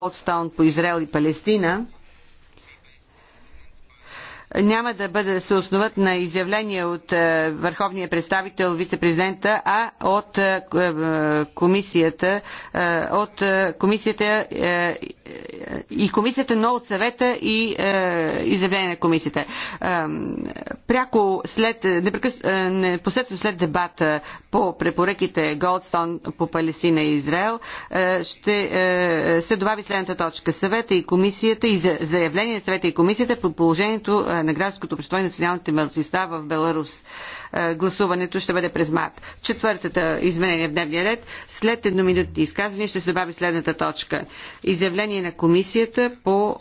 Олдстаун по Израел и Палестина, няма да бъде да се основат на изявления от е, върховния представител, вице-президента, а от е, е комисията, е, от е, комисията е, и комисията, но от съвета и изявление на комисията. Пряко след, непрекъс, непосредствено след дебата по препоръките Голдстон по Палестина и Израел е, ще е, се добави следната точка. Съвета и комисията и заявление на съвета и комисията по положението е, на гражданското общество и националните мълцинства в Беларус. Гласуването ще бъде през март. Четвъртата изменение в дневния ред. След едноминутни изказване ще се добави следната точка. Изявление на комисията по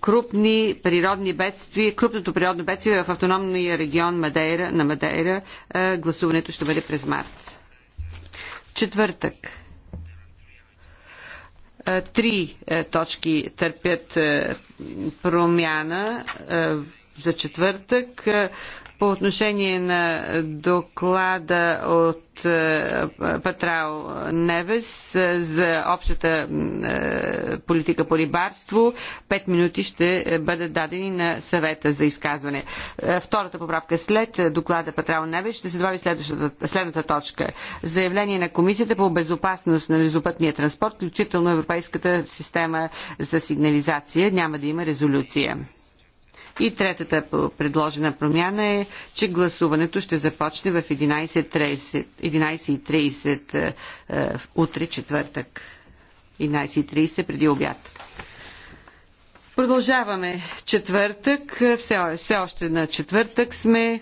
крупни природни бедствия, крупното природно бедствие в автономния регион Мадейра, на Мадейра. Гласуването ще бъде бъде през март. Четвъртък. Три точки търпят промяна за четвъртък. По отношение на доклада от е, Патрал Невес е, за общата е, политика по рибарство, пет минути ще бъдат дадени на съвета за изказване. Втората поправка след доклада Патрал Невес ще се добави следната точка. Заявление на Комисията по безопасност на резопътния транспорт, включително Европейската система за сигнализация. Няма да има резолюция. И третата предложена промяна е, че гласуването ще започне в 11.30, 11.30 е, е, утре, четвъртък. 11.30 преди обяд. Продължаваме четвъртък. Е, все, все още на четвъртък сме.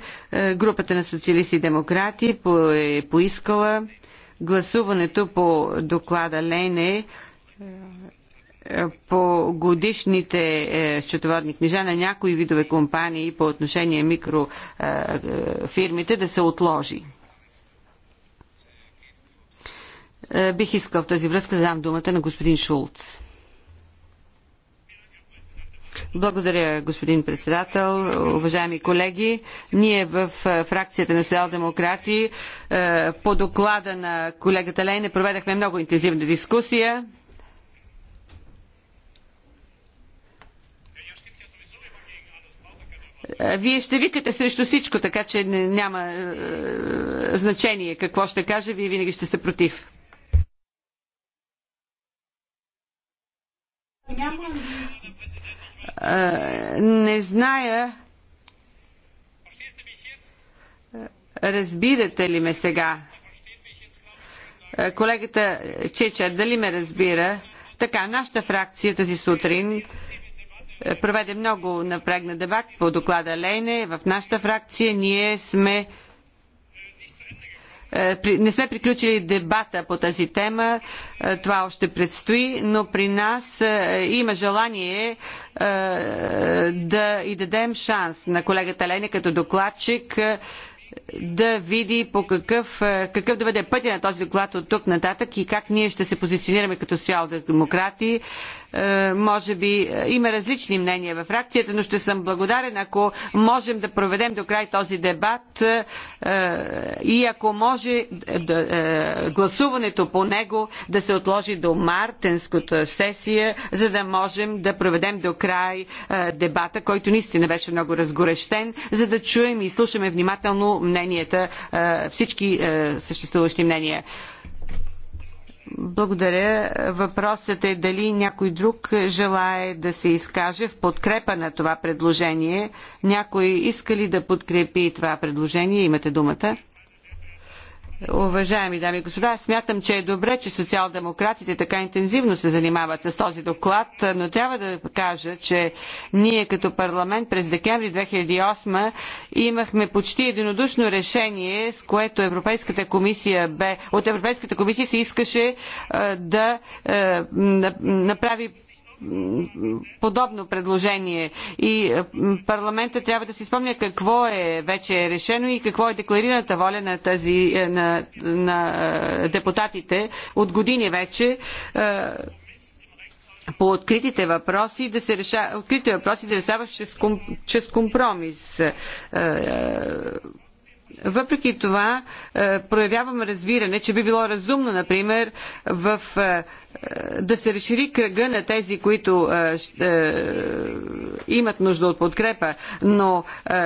Групата на социалисти и демократи е поискала гласуването по доклада Лене е, по годишните е, счетоводни книжа на някои видове компании по отношение микрофирмите е, да се отложи. Бих искал в тази връзка да дам думата на господин Шулц. Благодаря, господин председател. Уважаеми колеги, ние в фракцията на Социал-демократи по доклада на колегата Лейне проведахме много интензивна дискусия Е, вие ще викате срещу всичко, така че няма е, значение какво ще каже, вие винаги ще сте против. Е, не зная. Разбирате ли ме сега? Е, колегата Чеча, дали ме разбира? Така, нашата фракция тази сутрин е, проведе много напрегна дебат по доклада Лейне. В нашата фракция ние сме е, не сме приключили дебата по тази тема, е, това още предстои, но при нас има желание да и дадем шанс на колегата Лене като докладчик да види по какъв, какъв да бъде пътя на този доклад от тук нататък и как ние ще се позиционираме като социал-демократи е, може би е, има различни мнения в фракцията, но ще съм благодарен, ако можем да проведем до край този дебат е, и ако може гласуването по него да се отложи до мартенската сесия, за да можем да проведем до край дебата, който наистина беше много разгорещен, за да чуем и слушаме внимателно мненията, всички съществуващи мнения. Благодаря. Въпросът е дали някой друг желае да се изкаже в подкрепа на това предложение. Някой иска ли да подкрепи това предложение? Имате думата. Уважаеми дами и господа, смятам, че е добре, че социал-демократите така интензивно се занимават с този доклад, но трябва да кажа, че ние като парламент през декември 2008 имахме почти единодушно решение, с което Европейската комисия бе, от Европейската комисия се искаше да направи подобно предложение и е, парламента трябва да си спомня какво е вече е решено и какво е декларираната воля на, тази, е, на, на е, депутатите от години вече по откритите въпроси да се реша, откритите въпроси да решаваш чрез, чрез компромис въпреки това, е, проявявам разбиране, че би било разумно, например, в, е, е, да се разшири кръга на тези, които имат нужда от подкрепа, но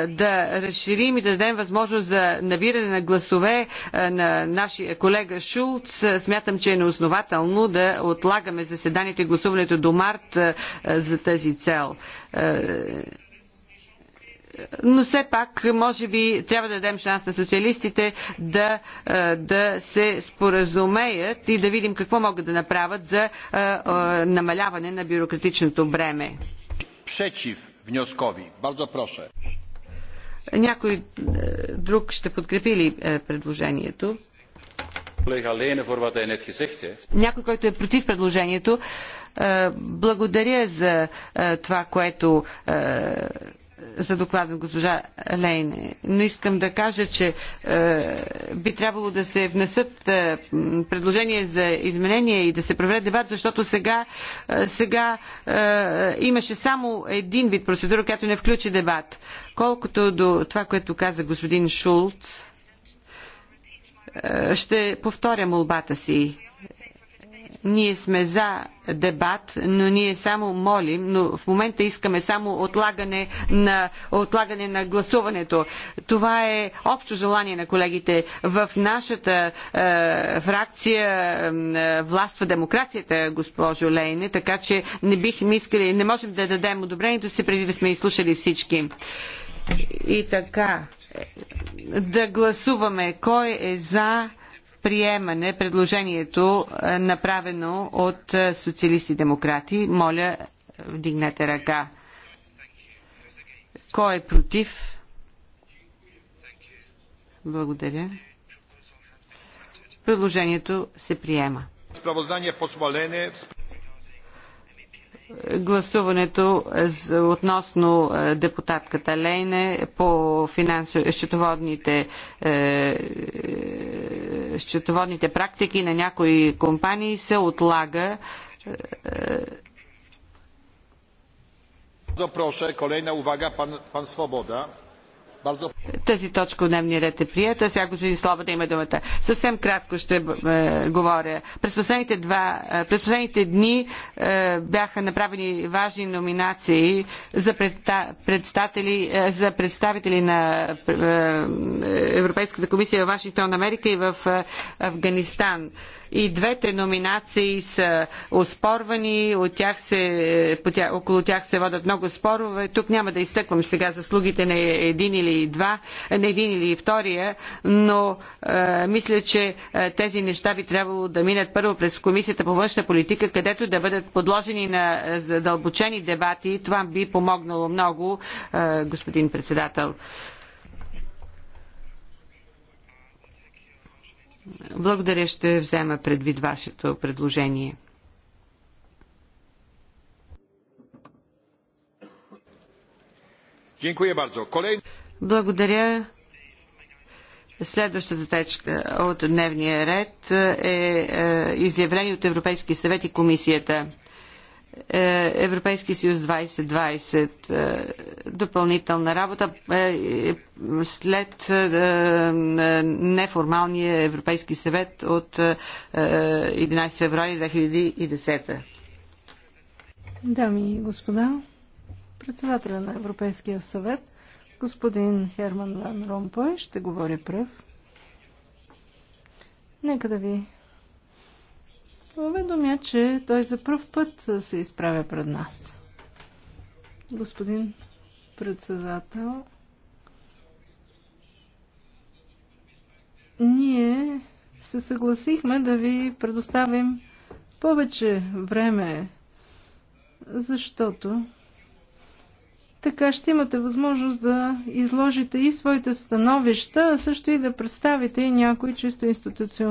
да разширим и да дадем възможност за набиране на гласове на нашия колега Шулц, смятам, че е неоснователно да отлагаме заседанието и гласуването до март за тази цел но все пак, може би, трябва да дадем шанс на социалистите да, да се споразумеят и да видим какво могат да направят за намаляване на бюрократичното бреме. Пречив wnioskowi. Бързо proszę. Някой е, друг ще подкрепи ли е, предложението? Е Някой, който е против предложението, благодаря за това, което за доклада на госпожа Лейне, Но искам да кажа, че е, би трябвало да се внесат е, предложения за изменения и да се проведе дебат, защото сега, е, сега е, имаше само един вид процедура, която не включи дебат. Колкото до това, което каза господин Шулц, е, ще повторя молбата си ние сме за дебат, но ние само молим, но в момента искаме само отлагане на, отлагане на гласуването. Това е общо желание на колегите. В нашата е, фракция е, властва демокрацията, госпожо Лейне, така че не бихме искали, не можем да дадем одобрението си преди да сме изслушали всички. И така, е, да гласуваме кой е за приемане предложението е, направено от е, социалисти демократи. Моля, е, вдигнете ръка. Кой е против? Благодаря. Предложението се приема гласуването относно е, депутатката Лейне по счетоводните, е, е, счетоводните практики на някои компании се отлага. Proszę, колейна увага, пан, пан Свобода. Тази точка от дневния ред е прията. Сега господин Слобода да има думата. Съвсем кратко ще е, говоря. През последните, два, е, през последните дни е, бяха направени важни номинации за, предста, представители, е, за представители на е, Европейската комисия в Вашингтон, Америка и в е, Афганистан и двете номинации са оспорвани, от тях се, около тях се водят много спорове. Тук няма да изтъквам сега заслугите на един или или два, на един или втория, но е, мисля, че е, тези неща би трябвало да минат първо през Комисията по външна политика, където да бъдат подложени на е, задълбочени дебати. Това би помогнало много, е, господин председател. Благодаря, ще взема предвид вашето предложение. Dziękuję bardzo. Kolejny... Благодаря. Следващата течка от дневния ред е, е изявление от Европейски съвет и комисията. Е, Европейски съюз 2020 е, допълнителна работа след неформалния Европейски съвет от 11 февруари 2010. Дами и господа, председателя на Европейския съвет – Господин Херман Ван Ромпой ще говори пръв. Нека да ви уведомя, че той за пръв път се изправя пред нас. Господин председател, ние се съгласихме да ви предоставим повече време, защото така ще имате възможност да изложите и своите становища, а също и да представите и някои чисто институционални